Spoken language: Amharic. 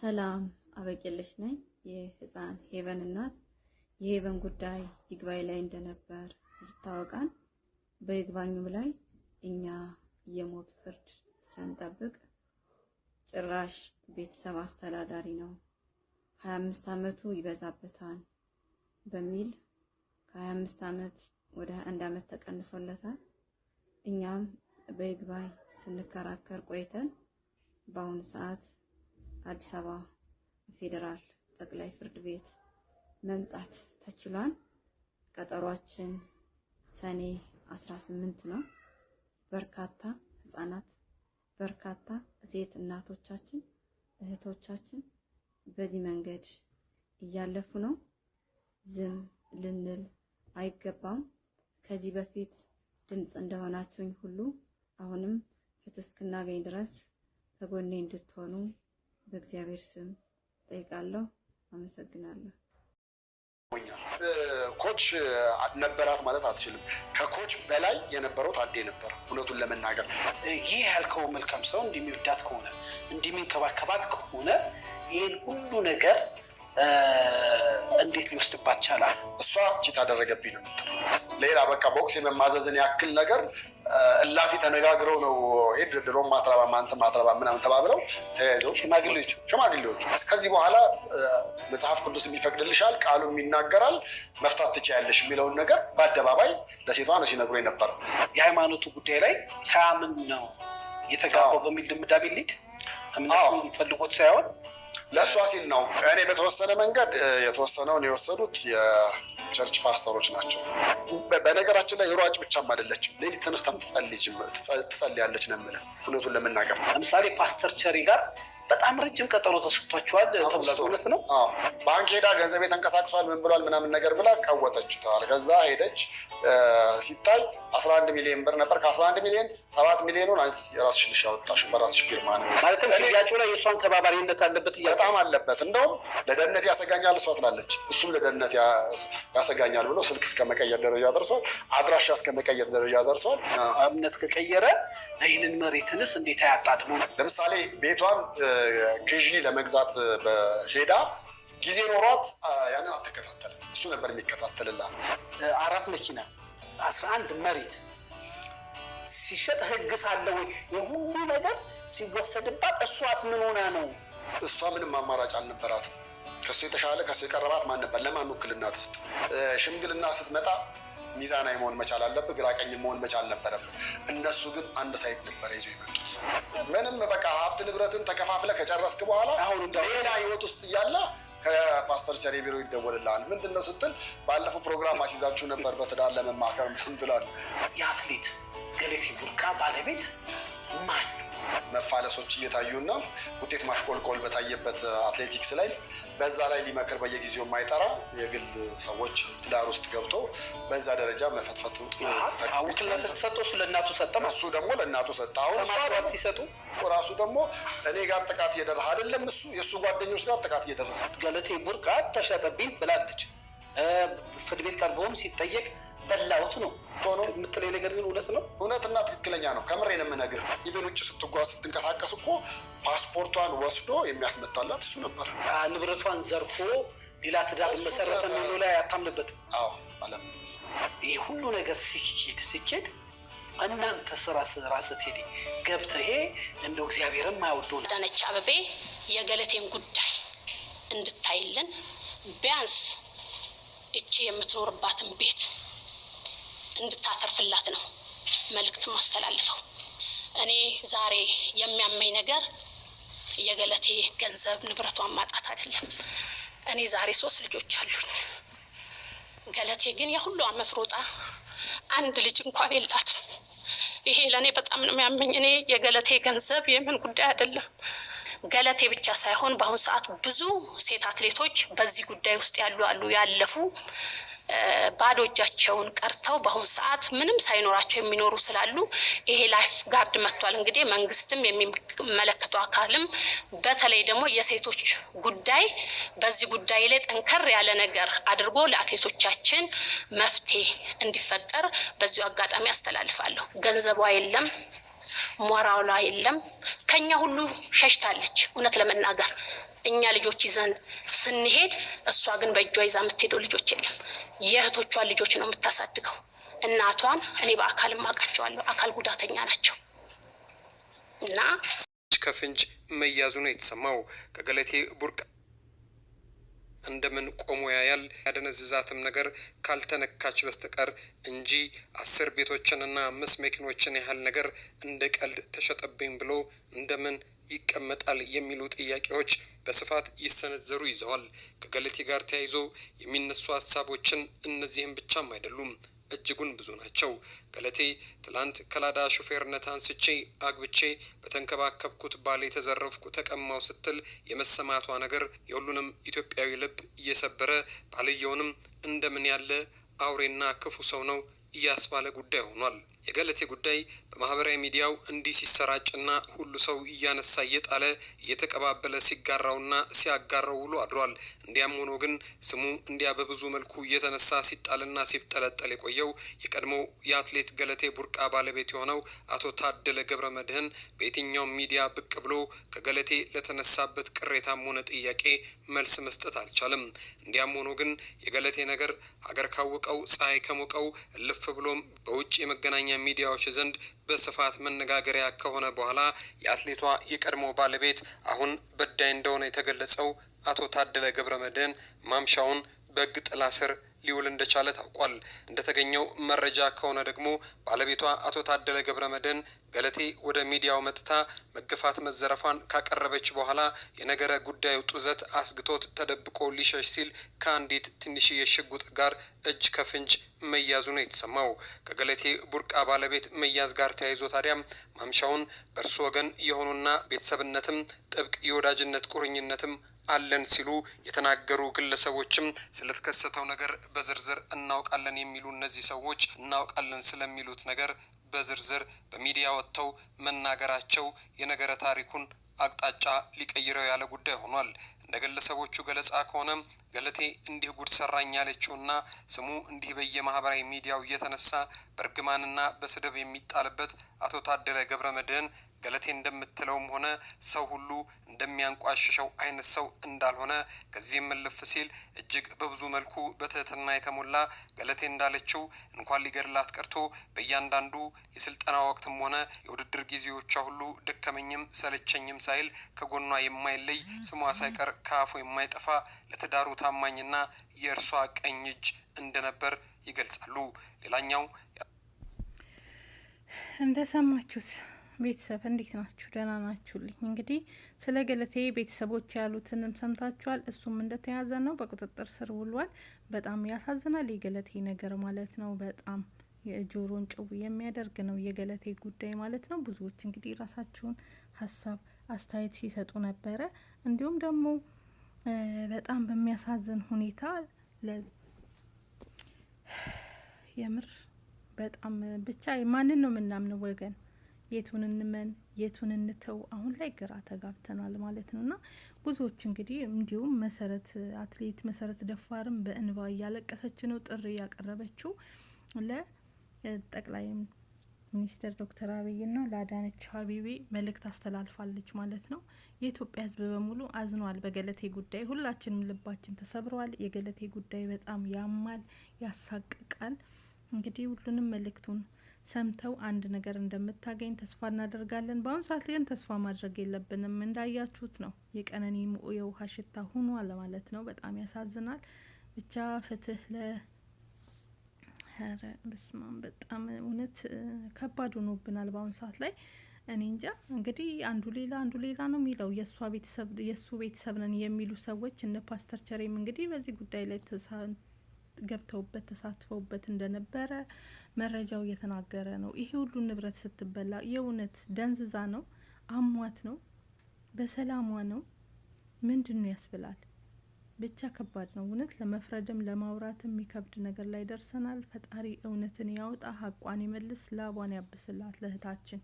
ሰላም አበቄለሽ ነኝ የህፃን ሄቨን እናት። የሄቨን ጉዳይ ይግባኝ ላይ እንደነበር ይታወቃል። በይግባኙም ላይ እኛ የሞት ፍርድ ሳንጠብቅ ጭራሽ ቤተሰብ አስተዳዳሪ ነው፣ 25 ዓመቱ ይበዛበታል በሚል ከ25 አመት ወደ 21 ዓመት ተቀንሶለታል። እኛም በይግባኝ ስንከራከር ቆይተን በአሁኑ ሰዓት አዲስ አበባ ፌዴራል ጠቅላይ ፍርድ ቤት መምጣት ተችሏል። ቀጠሯችን ሰኔ 18 ነው። በርካታ ህጻናት፣ በርካታ ሴት እናቶቻችን፣ እህቶቻችን በዚህ መንገድ እያለፉ ነው። ዝም ልንል አይገባም። ከዚህ በፊት ድምፅ እንደሆናችሁኝ ሁሉ አሁንም ፍትህ እስክናገኝ ድረስ ከጎኔ እንድትሆኑ በእግዚአብሔር ስም ጠይቃለሁ። አመሰግናለሁ። ኮች ነበራት ማለት አትችልም። ከኮች በላይ የነበረው ታዴ ነበር። እውነቱን ለመናገር ይህ ያልከው መልካም ሰው እንደሚወዳት ከሆነ እንደሚንከባከባት ከሆነ ይህን ሁሉ ነገር እንዴት ሊወስድባት ቻላል? እሷ ቺት አደረገብኝ ነው ሌላ በቃ ቦክስ የመማዘዝን ያክል ነገር እላፊ ተነጋግረው ነው ሄድ ድሮ ማትረባ ማንተም ማትረባ ምናምን ተባብለው ተያይዘው ሽማግሌዎቹ ሽማግሌዎቹ ከዚህ በኋላ መጽሐፍ ቅዱስ የሚፈቅድልሻል ቃሉም ይናገራል መፍታት ትችያለሽ የሚለውን ነገር በአደባባይ ለሴቷ ነው ሲነግሮ ነበር። የሃይማኖቱ ጉዳይ ላይ ሳያምን ነው የተጋባው በሚል ድምዳቤ ሊድ እምነቱ ፈልጎት ሳይሆን ለእሷ ሲል ነው። እኔ በተወሰነ መንገድ የተወሰነውን የወሰዱት የቸርች ፓስተሮች ናቸው። በነገራችን ላይ ሯጭ ብቻም አይደለችም። ሌሊት ተነስታም ትጸልያለች ነው የምልህ እውነቱን ለመናገር ለምሳሌ ፓስተር ቸሪ ጋር በጣም ረጅም ቀጠሮ ተሰጥቷቸዋል ተብሏል። እውነት ነው። ባንክ ሄዳ ገንዘቤ ተንቀሳቅሷል ምን ብሏል ምናምን ነገር ብላ ቀወጠችታል። ከዛ ሄደች ሲታይ 11 ሚሊዮን ብር ነበር። ከ11 ሚሊዮን ሰባት ሚሊዮኑን አንቺ የራስሽ ልሽ ያወጣሽው በራስሽ ፊርማ ነው። ማለትም ሽያጩ ላይ የእሷን ተባባሪነት አለበት፣ በጣም አለበት። እንደውም ለደህንነት ያሰጋኛል እሷ ትላለች፣ እሱም ለደህንነት ያሰጋኛል ብሎ ስልክ እስከ መቀየር ደረጃ ደርሷል። አድራሻ እስከ መቀየር ደረጃ ደርሷል። እምነት ከቀየረ ይህንን መሬትንስ እንዴት አያጣጥሙ? ለምሳሌ ቤቷን ግዢ ለመግዛት በሄዳ ጊዜ ኖሯት ያንን አትከታተልም። እሱ ነበር የሚከታተልላት አራት መኪና 11 መሬት ሲሸጥ ህግ ሳለ ወይ የሁሉ ነገር ሲወሰድባት እሷስ ምን ሆና ነው? እሷ ምንም አማራጭ አልነበራት? ከሱ የተሻለ ከሱ የቀረባት ማን ነበር? ለማን ውክልና ትስጥ? ሽምግልና ስትመጣ ሚዛናዊ መሆን መቻል አለብህ። ግራቀኝ መሆን መቻል ነበረብህ። እነሱ ግን አንድ ሳይት ነበረ ይዞ የመጡት። ምንም በቃ ሀብት ንብረትን ተከፋፍለ ከጨረስክ በኋላ ሌላ ህይወት ውስጥ እያለ ከፓስተር ቸሬ ቢሮ ይደወልልሃል። ምንድን ነው ስትል ባለፈው ፕሮግራም አስይዛችሁ ነበር በትዳር ለመማከር ምናምን ትላለህ። የአትሌት ገለቴ ቡርቃ ባለቤት ማን? መፋለሶች እየታዩና ውጤት ማሽቆልቆል በታየበት አትሌቲክስ ላይ በዛ ላይ ሊመክር በየጊዜው የማይጠራ የግል ሰዎች ትዳር ውስጥ ገብቶ በዛ ደረጃ መፈትፈት ውክልና ለእናቱ እሱ ደግሞ ለእናቱ ሰጠ። አሁን ሲሰጡ ራሱ ደግሞ እኔ ጋር ጥቃት እየደረሰ አይደለም እሱ የእሱ ጓደኞች ጋር ጥቃት እየደረሰ ገለቴ ቡርቃ ተሸጠብኝ ብላለች። ፍርድ ቤት ቀርቦም ሲጠየቅ በላውት ነው ሆኖ የምትለኝ ነገር ግን እውነት ነው፣ እውነትና ትክክለኛ ነው። ከምሬ ነው የምነግርህ። ኢቨን ውጭ ስትጓዝ ስትንቀሳቀስ እኮ ፓስፖርቷን ወስዶ የሚያስመታላት እሱ ነበር። ንብረቷን ዘርፎ ሌላ ትዳር መሰረተ ሚሉ ላይ አታምንበትም። አዎ አለም ይህ ሁሉ ነገር ሲኬድ ሲኬድ እናንተ ስራ ስራ ስትሄድ ገብተ ይሄ እንደ እግዚአብሔርም ማያወዱ አዳነች አበቤ የገለቴን ጉዳይ እንድታይልን ቢያንስ እቺ የምትኖርባትን ቤት እንድታተርፍላት ነው መልእክት ማስተላልፈው። እኔ ዛሬ የሚያመኝ ነገር የገለቴ ገንዘብ ንብረቷን ማጣት አይደለም። እኔ ዛሬ ሶስት ልጆች አሉኝ። ገለቴ ግን የሁሉ አመት ሮጣ አንድ ልጅ እንኳን የላትም። ይሄ ለእኔ በጣም ነው የሚያመኝ። እኔ የገለቴ ገንዘብ የምን ጉዳይ አይደለም። ገለቴ ብቻ ሳይሆን በአሁኑ ሰዓት ብዙ ሴት አትሌቶች በዚህ ጉዳይ ውስጥ ያሉ አሉ ያለፉ ባዶ እጃቸውን ቀርተው በአሁኑ ሰዓት ምንም ሳይኖራቸው የሚኖሩ ስላሉ ይሄ ላይፍ ጋርድ መጥቷል። እንግዲህ መንግስትም የሚመለከተው አካልም በተለይ ደግሞ የሴቶች ጉዳይ በዚህ ጉዳይ ላይ ጠንከር ያለ ነገር አድርጎ ለአትሌቶቻችን መፍትሄ እንዲፈጠር በዚሁ አጋጣሚ አስተላልፋለሁ። ገንዘቧ የለም፣ ሞራሏ የለም፣ ከኛ ሁሉ ሸሽታለች። እውነት ለመናገር እኛ ልጆች ይዘን ስንሄድ፣ እሷ ግን በእጇ ይዛ የምትሄደው ልጆች የለም። የእህቶቿን ልጆች ነው የምታሳድገው። እናቷን እኔ በአካልም አውቃቸዋለሁ። አካል ጉዳተኛ ናቸው እና ከፍንጭ መያዙ ነው የተሰማው ከገለቴ ቡርቃ እንደምን ቆሞ ያያል። ያደነዝዛትም ነገር ካልተነካች በስተቀር እንጂ አስር ቤቶችንና አምስት መኪኖችን ያህል ነገር እንደ ቀልድ ተሸጠብኝ ብሎ እንደምን ይቀመጣል የሚሉ ጥያቄዎች በስፋት ይሰነዘሩ ይዘዋል። ከገለቴ ጋር ተያይዞ የሚነሱ ሀሳቦችን እነዚህም ብቻም አይደሉም። እጅጉን ብዙ ናቸው። ገለቴ ትላንት ከላዳ ሹፌርነት አንስቼ አግብቼ በተንከባከብኩት ባል የተዘረፍኩ ተቀማው ስትል የመሰማቷ ነገር የሁሉንም ኢትዮጵያዊ ልብ እየሰበረ ባልየውንም እንደምን ያለ አውሬና ክፉ ሰው ነው እያስባለ ጉዳይ ሆኗል። የገለቴ ጉዳይ በማህበራዊ ሚዲያው እንዲህ ሲሰራጭና ሁሉ ሰው እያነሳ እየጣለ እየተቀባበለ ሲጋራውና ሲያጋራው ውሎ አድሯል። እንዲያም ሆኖ ግን ስሙ እንዲያ በብዙ መልኩ እየተነሳ ሲጣልና ሲጠለጠል የቆየው የቀድሞ የአትሌት ገለቴ ቡርቃ ባለቤት የሆነው አቶ ታደለ ገብረ መድህን በየትኛውም ሚዲያ ብቅ ብሎ ከገለቴ ለተነሳበት ቅሬታም ሆነ ጥያቄ መልስ መስጠት አልቻለም። እንዲያም ሆኖ ግን የገለቴ ነገር ሀገር ካወቀው ፀሐይ ከሞቀው እልፍ ብሎም በውጭ የመገናኛ ሚዲያዎች ዘንድ በስፋት መነጋገሪያ ከሆነ በኋላ የአትሌቷ የቀድሞ ባለቤት አሁን በዳይ እንደሆነ የተገለጸው አቶ ታደለ ገብረ መድህን ማምሻውን በሕግ ጥላ ስር ሊውል እንደቻለ ታውቋል። እንደተገኘው መረጃ ከሆነ ደግሞ ባለቤቷ አቶ ታደለ ገብረመድህን ገለቴ ወደ ሚዲያው መጥታ መገፋት መዘረፏን ካቀረበች በኋላ የነገረ ጉዳዩ ጡዘት አስግቶት ተደብቆ ሊሸሽ ሲል ከአንዲት ትንሽዬ ሽጉጥ ጋር እጅ ከፍንጭ መያዙ ነው የተሰማው። ከገለቴ ቡርቃ ባለቤት መያዝ ጋር ተያይዞ ታዲያም ማምሻውን በእርስ ወገን የሆኑና ቤተሰብነትም ጥብቅ የወዳጅነት ቁርኝነትም አለን ሲሉ የተናገሩ ግለሰቦችም ስለተከሰተው ነገር በዝርዝር እናውቃለን የሚሉ እነዚህ ሰዎች እናውቃለን ስለሚሉት ነገር በዝርዝር በሚዲያ ወጥተው መናገራቸው የነገረ ታሪኩን አቅጣጫ ሊቀይረው ያለ ጉዳይ ሆኗል። እንደ ግለሰቦቹ ገለጻ ከሆነም ገለቴ እንዲህ ጉድ ሰራኝ ያለችውና ስሙ እንዲህ በየማህበራዊ ሚዲያው እየተነሳ በእርግማንና በስድብ የሚጣልበት አቶ ታደለ ገብረ መድህን ገለቴ እንደምትለውም ሆነ ሰው ሁሉ እንደሚያንቋሽሸው አይነት ሰው እንዳልሆነ ከዚህም እልፍ ሲል እጅግ በብዙ መልኩ በትህትና የተሞላ ገለቴ እንዳለችው እንኳን ሊገድላት ቀርቶ በእያንዳንዱ የስልጠና ወቅትም ሆነ የውድድር ጊዜዎቿ ሁሉ ደከመኝም ሰለቸኝም ሳይል ከጎኗ የማይለይ ስሟ ሳይቀር ከአፉ የማይጠፋ ለትዳሩ ታማኝና የእርሷ ቀኝ እጅ እንደነበር ይገልጻሉ። ሌላኛው እንደሰማችሁት ቤተሰብ እንዴት ናችሁ? ደህና ናችሁልኝ? እንግዲህ ስለ ገለቴ ቤተሰቦች ያሉትንም ሰምታችኋል። እሱም እንደተያዘ ነው፣ በቁጥጥር ስር ውሏል። በጣም ያሳዝናል የገለቴ ነገር ማለት ነው። በጣም የጆሮን ጭው የሚያደርግ ነው የገለቴ ጉዳይ ማለት ነው። ብዙዎች እንግዲህ ራሳችሁን ሀሳብ አስተያየት ሲሰጡ ነበረ። እንዲሁም ደግሞ በጣም በሚያሳዝን ሁኔታ የምር በጣም ብቻ ማንን ነው የምናምነው ወገን የቱን እንመን የቱን እንተው አሁን ላይ ግራ ተጋብተናል ማለት ነው። እና ብዙዎች እንግዲህ እንዲሁም መሰረት አትሌት መሰረት ደፋርም በእንባ እያለቀሰች ነው ጥሪ ያቀረበችው ለጠቅላይ ሚኒስትር ዶክተር አብይና ለአዳነች አቤቤ መልእክት አስተላልፋለች ማለት ነው። የኢትዮጵያ ሕዝብ በሙሉ አዝኗል በገለቴ ጉዳይ። ሁላችንም ልባችን ተሰብረዋል። የገለቴ ጉዳይ በጣም ያማል፣ ያሳቅቃል። እንግዲህ ሁሉንም መልእክቱን ሰምተው አንድ ነገር እንደምታገኝ ተስፋ እናደርጋለን። በአሁኑ ሰዓት ግን ተስፋ ማድረግ የለብንም። እንዳያችሁት ነው የቀነኒ የውሃ ሽታ ሆኗል ማለት ነው። በጣም ያሳዝናል። ብቻ ፍትህ ለ በስማም በጣም እውነት ከባድ ሆኖብናል በአሁኑ ሰዓት ላይ እኔ እንጃ እንግዲህ አንዱ ሌላ አንዱ ሌላ ነው የሚለው የእሷ ቤተሰብ የእሱ ቤተሰብ ነን የሚሉ ሰዎች እነ ፓስተር ቸሬም እንግዲህ በዚህ ጉዳይ ላይ ገብተውበት ተሳትፈውበት እንደነበረ መረጃው እየተናገረ ነው። ይሄ ሁሉ ንብረት ስትበላ የእውነት ደንዝዛ ነው? አሟት ነው? በሰላሟ ነው? ምንድን ነው ያስብላል። ብቻ ከባድ ነው እውነት። ለመፍረድም ለማውራትም የሚከብድ ነገር ላይ ደርሰናል። ፈጣሪ እውነትን ያውጣ፣ ሀቋን ይመልስ፣ ላቧን ያብስላት ለእህታችን።